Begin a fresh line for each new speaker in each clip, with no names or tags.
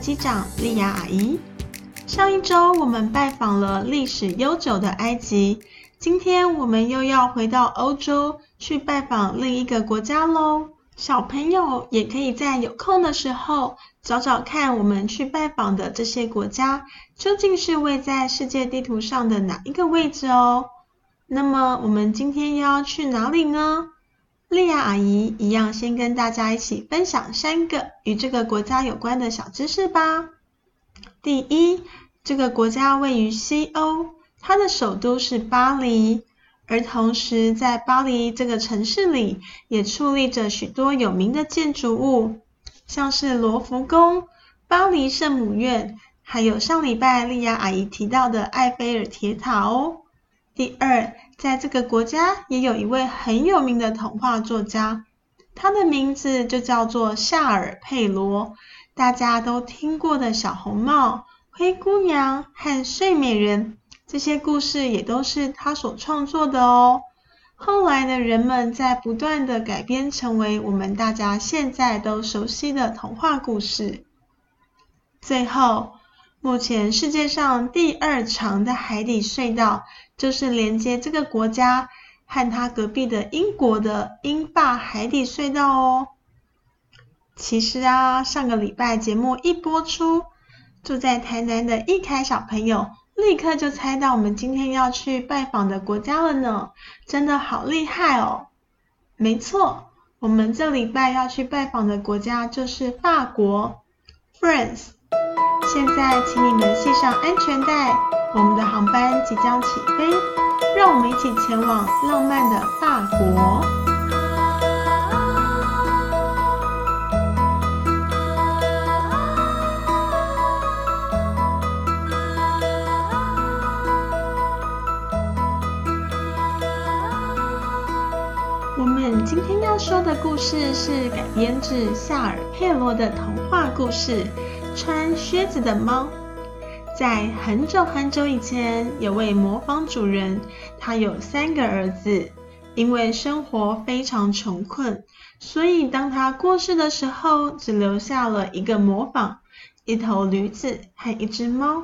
機長莉亞阿姨，上一周我們拜訪了歷史悠久的埃及，今天我們又要回到歐洲去拜訪另一個國家嘍。小朋友也可以在有空的時候找找看，我們去拜訪的這些國家究竟是位在世界地圖上的哪一個位置哦。那麼我們今天要去哪裡呢？莉亞阿姨一樣，先跟大家一起分享三個與這個國家有關的小知識吧。第一，這個國家位於西歐，它的首都是巴黎，而同時在巴黎這個城市裡，也矗立着許多有名的建築物，像是羅浮宮、巴黎聖母院，還有上禮拜莉亞阿姨提到的埃菲爾鐵塔哦。第二。在這個國家也有一位很有名的童話作家，他的名字就叫做夏爾·佩羅。大家都聽過的小紅帽、灰姑娘和睡美人這些故事，也都是他所創作的哦。後來的人們在不斷地改編，成為我們大家現在都熟悉的童話故事。最後，目前世界上第二長的海底隧道，就是連接這個國家和它隔壁的英國的英法海底隧道哦。其實啊，上個禮拜節目一播出，住在台南的一開小朋友立刻就猜到我們今天要去拜訪的國家了呢，真的好厲害哦！沒錯，我們這禮拜要去拜訪的國家就是法國，France。現在，請你們繫上安全帶，我們的航班即將起飛，讓我們一起前往浪漫的法國。我們今天要說的故事是改編自夏爾佩羅的童話故事。穿靴子的貓。在很久很久以前，有位磨坊主人，他有三個兒子。因為生活非常窮困，所以當他過世的時候，只留下了一個磨坊、一頭驢子和一隻貓。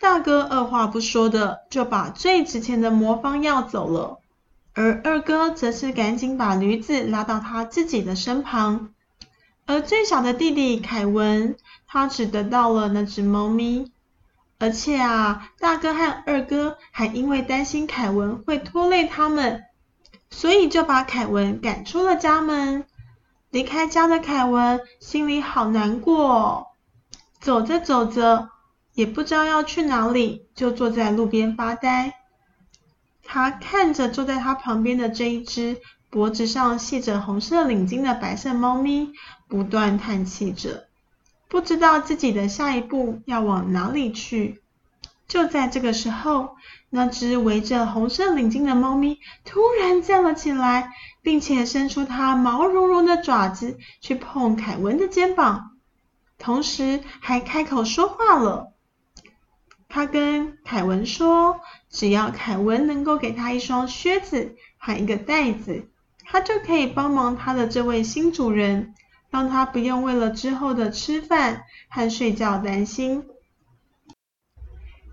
大哥二話不說的就把最值錢的磨坊要走了，而二哥則是趕緊把驢子拉到他自己的身旁。而最小的弟弟凱文，他只得到了那只貓咪，而且啊，大哥和二哥還因為擔心凱文會拖累他們，所以就把凱文趕出了家門。離開家的凱文心裡好難過哦，走着走着也不知道要去哪裡，就坐在路邊發呆。他看着坐在他旁邊的這一只脖子上繫着紅色領巾的白色貓咪。不斷嘆氣着，不知道自己的下一步要往哪裡去。就在這個時候，那只圍着紅色領巾的貓咪突然站了起來，並且伸出它毛茸茸的爪子去碰凱文的肩膀，同時還開口說話了。它跟凱文說：“只要凱文能夠給他一雙靴子和一個袋子，它就可以幫忙他的這位新主人。”讓他不用為了之後的吃飯和睡覺擔心。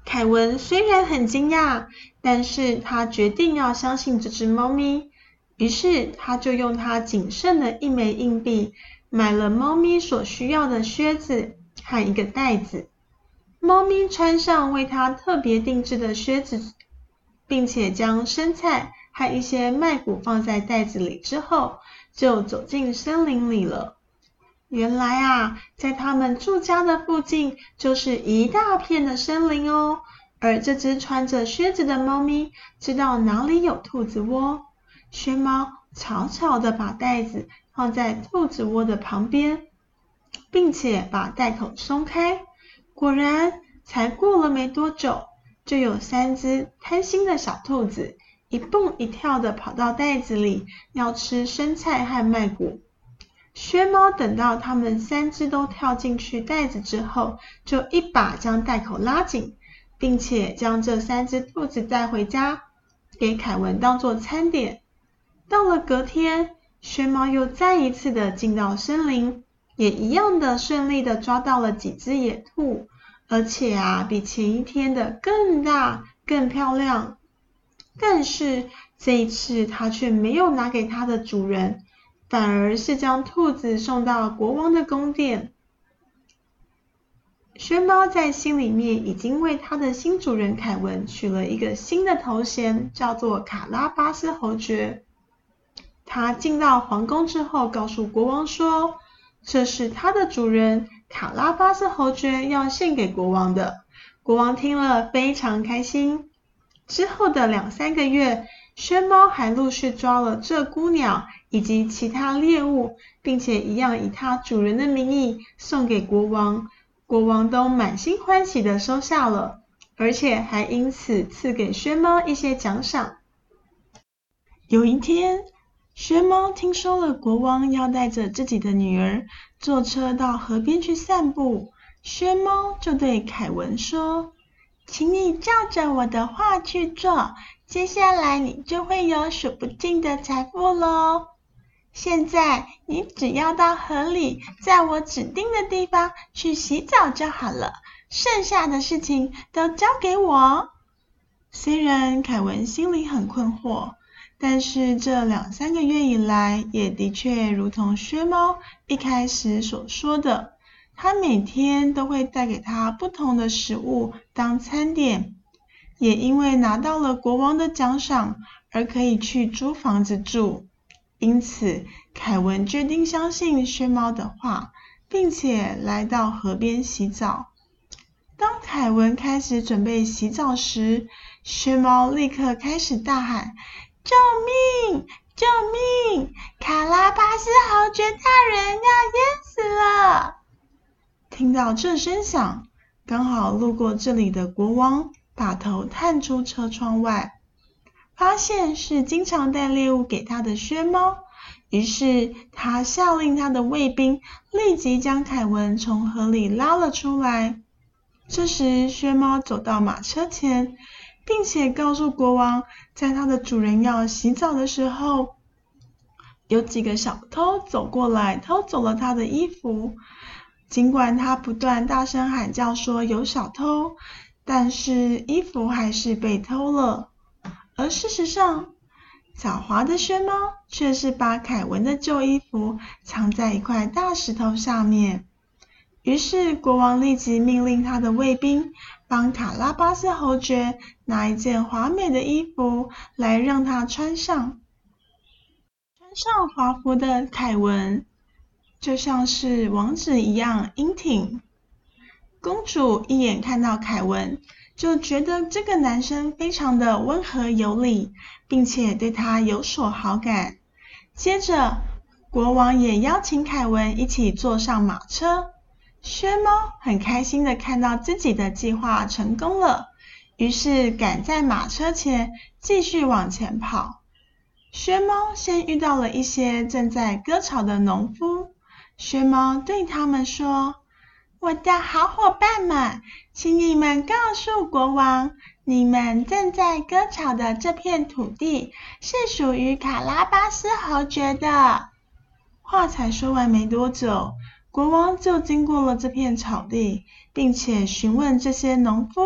凱文雖然很驚訝，但是他決定要相信這隻貓咪。於是他就用他僅剩的一枚硬幣，買了貓咪所需要的靴子和一個袋子。貓咪穿上為它特別定制的靴子，並且將生菜和一些麥穀放在袋子裡之後，就走進森林裡了。原來啊，在他們住家的附近就是一大片的森林哦。而這隻穿着靴子的貓咪知道哪裡有兔子窩，靴貓悄悄的把袋子放在兔子窩的旁邊，並且把袋口鬆開。果然，才過了沒多久，就有三隻貪心的小兔子一蹦一跳的跑到袋子裡，要吃生菜和麥谷。靴貓等到他們三隻都跳進去袋子之後，就一把將袋口拉緊，並且將這三隻兔子帶回家，給凱文當做餐點。到了隔天，靴貓又再一次的進到森林，也一樣的順利的抓到了幾隻野兔，而且啊，比前一天的更大，更漂亮。但是這一次，它卻沒有拿給它的主人。反而是將兔子送到國王的宮殿。靴貓在心裡面已經為他的新主人凱文取了一個新的頭銜，叫做卡拉巴斯侯爵。他進到皇宮之後，告訴國王說：“這是他的主人卡拉巴斯侯爵要獻給國王的。”國王聽了非常開心。之後的兩三個月，靴貓還陸續抓了鷓鴣鳥，以及其他獵物，並且一樣以他主人的名義送給國王，國王都滿心歡喜的收下了，而且還因此賜給靴貓一些獎賞。有一天，靴貓聽說了國王要帶着自己的女兒坐車到河邊去散步，靴貓就對凱文說：“請你照着我的話去做，接下來你就會有數不盡的財富嘍。”現在你只要到河裡，在我指定的地方去洗澡就好了。剩下的事情都交給我。雖然凱文心裡很困惑，但是這兩三個月以來，也的確如同靴貓一開始所說的，他每天都會帶給他不同的食物當餐點，也因為拿到了國王的獎賞，而可以去租房子住。因此，凱文決定相信靴貓的話，並且來到河邊洗澡。當凱文開始準備洗澡時，靴貓立刻開始大喊：“救命！救命！卡拉巴斯侯爵大人要淹死了！”聽到這聲響，剛好路過這裡的國王把頭探出車窗外。發現是經常帶獵物給他的靴貓，於是他下令他的衛兵立即將凱文從河裡拉了出來。這時，靴貓走到馬車前，並且告訴國王，在他的主人要洗澡的時候，有幾個小偷走過來偷走了他的衣服。儘管他不斷大聲喊叫說有小偷，但是衣服還是被偷了。而事實上，狡猾的宣貓卻是把凱文的舊衣服藏在一塊大石頭上面。於是國王立即命令他的衛兵幫卡拉巴斯侯爵拿一件華美的衣服來讓他穿上。穿上華服的凱文就像是王子一樣英挺。公主一眼看到凱文。就覺得這個男生非常的溫和有禮，並且對他有所好感。接着，國王也邀請凱文一起坐上馬車。靴貓很開心的看到自己的計劃成功了，於是趕在馬車前繼續往前跑。靴貓先遇到了一些正在割草的農夫，靴貓對他們說。我的好夥伴們，請你們告訴國王，你們正在割草的這片土地是屬於卡拉巴斯侯爵的。話才說完沒多久，國王就經過了這片草地，並且詢問這些農夫，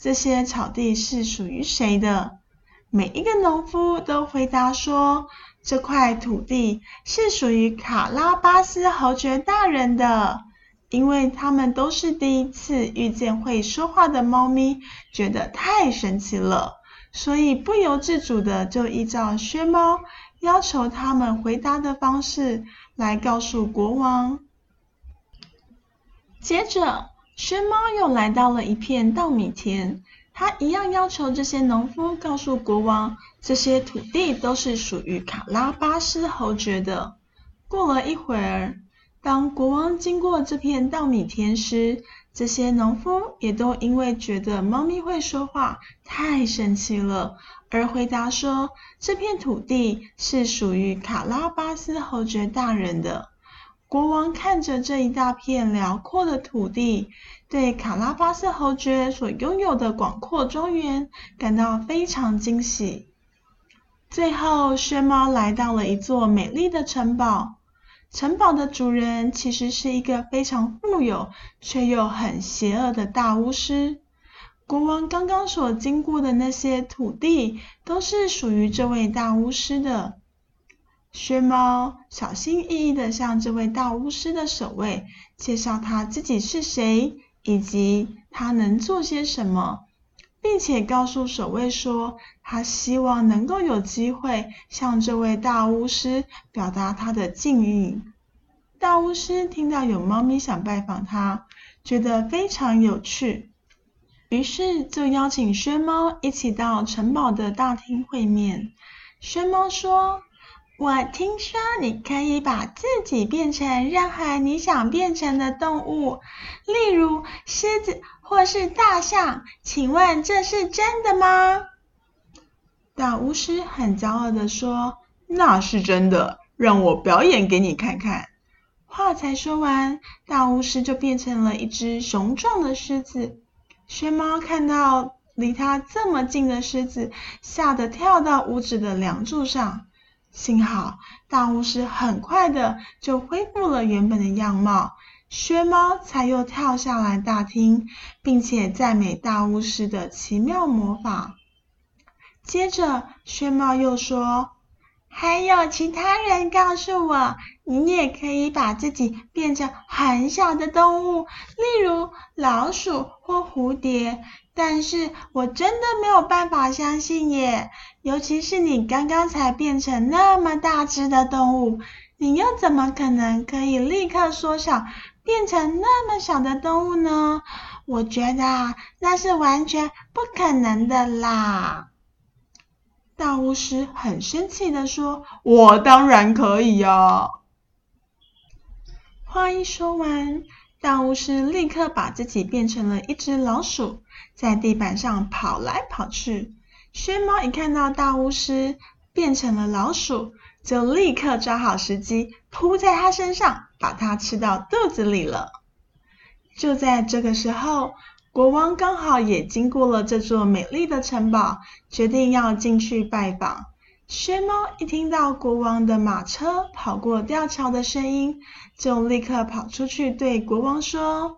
這些草地是屬於誰的。每一個農夫都回答說，這塊土地是屬於卡拉巴斯侯爵大人的。因為他們都是第一次遇見會說話的貓咪，覺得太神奇了，所以不由自主地就依照靴貓要求他們回答的方式來告訴國王。接着，靴貓又來到了一片稻米田，他一樣要求這些農夫告訴國王，這些土地都是屬於卡拉巴斯侯爵的。過了一會兒。當國王經過這片稻米田時，這些農夫也都因為覺得貓咪會說話太神奇了，而回答說，這片土地是屬於卡拉巴斯侯爵大人的。國王看着這一大片遼闊的土地，對卡拉巴斯侯爵所擁有的廣闊莊園感到非常驚喜。最後，靴貓來到了一座美麗的城堡。城堡的主人其實是一個非常富有卻又很邪惡的大巫師。國王剛剛所經過的那些土地都是屬於這位大巫師的。靴貓小心翼翼地向這位大巫師的守衛介紹他自己是誰，以及他能做些什麼。並且告訴守衛說，他希望能夠有機會向這位大巫師表達他的敬意。大巫師聽到有貓咪想拜訪他，覺得非常有趣，於是就邀請軒貓一起到城堡的大廳會面。軒貓說。我聽說你可以把自己變成任何你想變成的動物，例如獅子或是大象。請問這是真的嗎？大巫師很驕傲地說：“那是真的，讓我表演給你看看。”話才說完，大巫師就變成了一隻雄壯的獅子。靴貓看到離它這麼近的獅子，嚇得跳到屋子的樑柱上。幸好大巫師很快的就恢復了原本的樣貌，靴貓才又跳下來大廳，並且讚美大巫師的奇妙魔法。接着靴貓又說：“還有其他人告訴我。”你也可以把自己變成很小的動物，例如老鼠或蝴蝶。但是我真的沒有辦法相信耶，尤其是你剛剛才變成那麼大隻的動物，你又怎麼可能可以立刻縮小變成那麼小的動物呢？我覺得啊，那是完全不可能的啦！大巫師很生氣的說：“我當然可以呀。”話一說完，大巫師立刻把自己變成了一隻老鼠，在地板上跑來跑去。靴貓一看到大巫師變成了老鼠，就立刻抓好時機撲在他身上，把他吃到肚子裡了。就在這個時候，國王剛好也經過了這座美麗的城堡，決定要進去拜訪。靴貓一聽到國王的馬車跑過吊橋的聲音，就立刻跑出去對國王說：“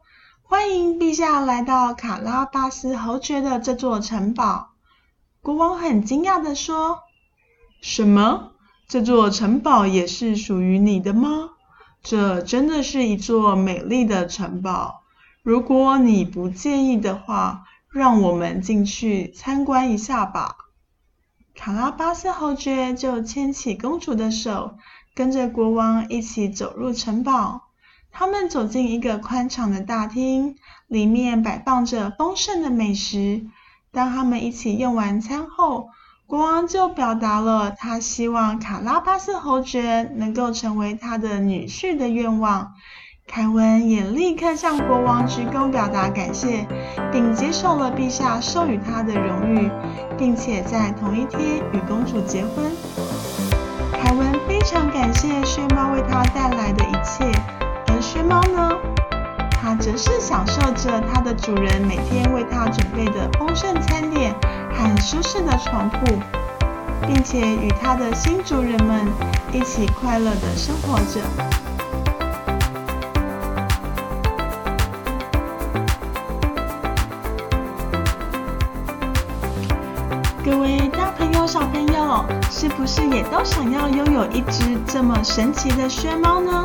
歡迎陛下來到卡拉巴斯侯爵的這座城堡。”國王很驚訝地說：“什麼？這座城堡也是屬於你的嗎？這真的是一座美麗的城堡。如果你不介意的話，讓我們進去參觀一下吧。”卡拉巴斯侯爵就牽起公主的手，跟着國王，一起走入城堡。他們走進一個寬敞的大廳，裡面擺放着豐盛的美食。當他們一起用完餐後，國王就表達了他希望卡拉巴斯侯爵能夠成為他的女婿的願望。凱文也立刻向國王鞠躬表達感謝，並接受了陛下授予他的榮譽，並且在同一天與公主結婚。凱文非常感謝薛貓為他帶來的一切，而薛貓呢，它則是享受着它的主人每天為它準備的豐盛餐點和舒適的床鋪，並且與它的新主人們一起快樂地生活着。各位大朋友、小朋友，是不是也都想要擁有一隻這麼神奇的靴貓呢？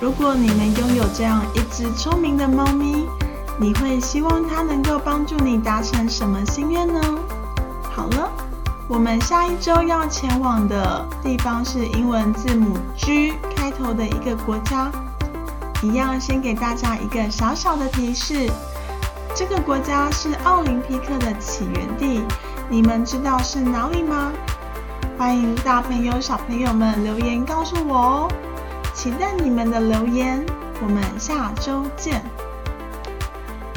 如果你們擁有這樣一隻聰明的貓咪，你會希望它能夠幫助你達成什麼心願呢？好了，我們下一周要前往的地方是英文字母 G 開頭的一個國家。一樣，先給大家一個小小的提示：這個國家是奧林匹克的起源地。你們知道是哪裡嗎？歡迎大朋友小朋友們留言告訴我哦。期待你們的留言，我們下周見。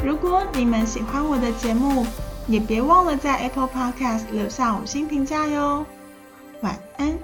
如果你們喜歡我的節目，也別忘了在 Apple Podcast 留下五星評價喲。晚安。